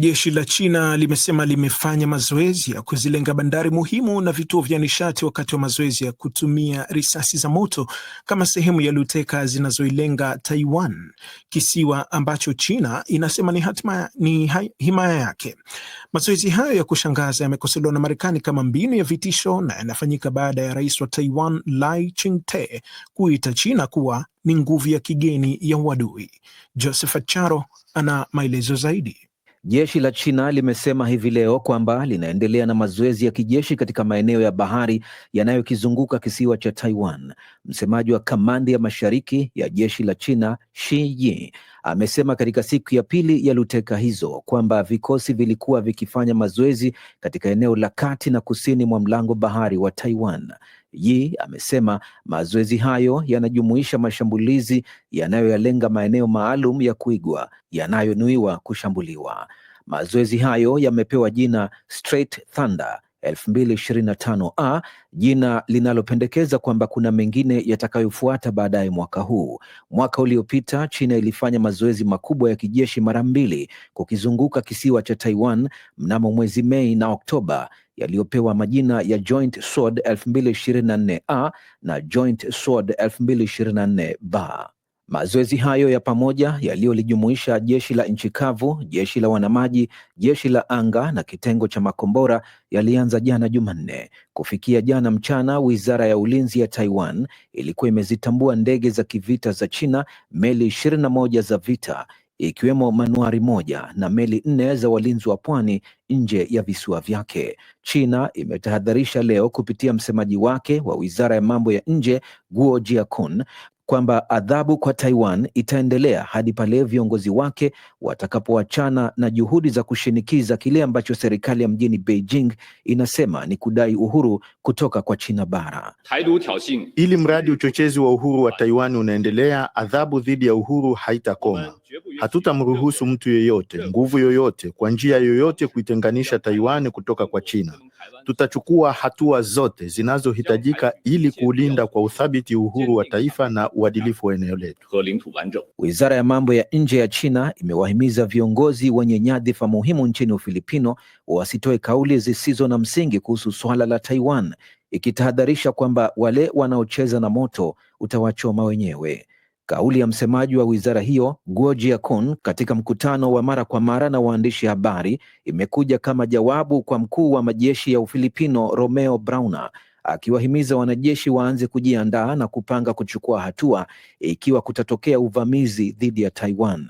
Jeshi la China limesema limefanya mazoezi ya kuzilenga bandari muhimu na vituo vya nishati wakati wa mazoezi ya kutumia risasi za moto kama sehemu ya luteka zinazoilenga Taiwan, kisiwa ambacho China inasema ni hatima, ni himaya yake. Mazoezi hayo ya kushangaza yamekosolewa na Marekani kama mbinu ya vitisho na yanafanyika baada ya rais wa Taiwan Lai Ching-te kuita China kuwa ni nguvu ya kigeni ya uadui. Josephat ana maelezo zaidi. Jeshi la China limesema hivi leo kwamba linaendelea na mazoezi ya kijeshi katika maeneo ya bahari yanayokizunguka kisiwa cha Taiwan. Msemaji wa kamandi ya mashariki ya jeshi la China, Shi Yi, amesema katika siku ya pili ya luteka hizo kwamba vikosi vilikuwa vikifanya mazoezi katika eneo la kati na kusini mwa mlango bahari wa Taiwan. Yi amesema mazoezi hayo yanajumuisha mashambulizi yanayoyalenga maeneo maalum ya kuigwa yanayonuiwa kushambuliwa. Mazoezi hayo yamepewa jina Straight Thunder 2025A, jina linalopendekeza kwamba kuna mengine yatakayofuata baadaye mwaka huu. Mwaka uliopita China ilifanya mazoezi makubwa ya kijeshi mara mbili kukizunguka kisiwa cha Taiwan mnamo mwezi Mei na Oktoba yaliyopewa majina ya Joint Sword 2024A na Joint Sword 2024B. Mazoezi hayo ya pamoja yaliyolijumuisha jeshi la nchi kavu, jeshi la wanamaji, jeshi la anga na kitengo cha makombora yalianza jana Jumanne. Kufikia jana mchana, wizara ya ulinzi ya Taiwan ilikuwa imezitambua ndege za kivita za China, meli 21 za vita, ikiwemo manuari moja na meli nne za walinzi wa pwani nje ya visiwa vyake. China imetahadharisha leo kupitia msemaji wake wa wizara ya mambo ya nje Guo Jiakun kwamba adhabu kwa Taiwan itaendelea hadi pale viongozi wake watakapoachana na juhudi za kushinikiza kile ambacho serikali ya mjini Beijing inasema ni kudai uhuru kutoka kwa China bara. Ili mradi uchochezi wa uhuru wa Taiwan unaendelea, adhabu dhidi ya uhuru haitakoma. Hatutamruhusu mtu yeyote, nguvu yoyote, kwa njia yoyote kuitenganisha Taiwan kutoka kwa China. Tutachukua hatua zote zinazohitajika ili kuulinda kwa uthabiti uhuru wa taifa na uadilifu wa eneo letu. Wizara ya mambo ya nje ya China imewahimiza viongozi wenye nyadhifa muhimu nchini Ufilipino wasitoe kauli zisizo na msingi kuhusu swala la Taiwan, ikitahadharisha kwamba wale wanaocheza na moto utawachoma wenyewe. Kauli ya msemaji wa wizara hiyo Guo Jiakun katika mkutano wa mara kwa mara na waandishi habari imekuja kama jawabu kwa mkuu wa majeshi ya Ufilipino Romeo Brauna akiwahimiza wanajeshi waanze kujiandaa na kupanga kuchukua hatua ikiwa kutatokea uvamizi dhidi ya Taiwan.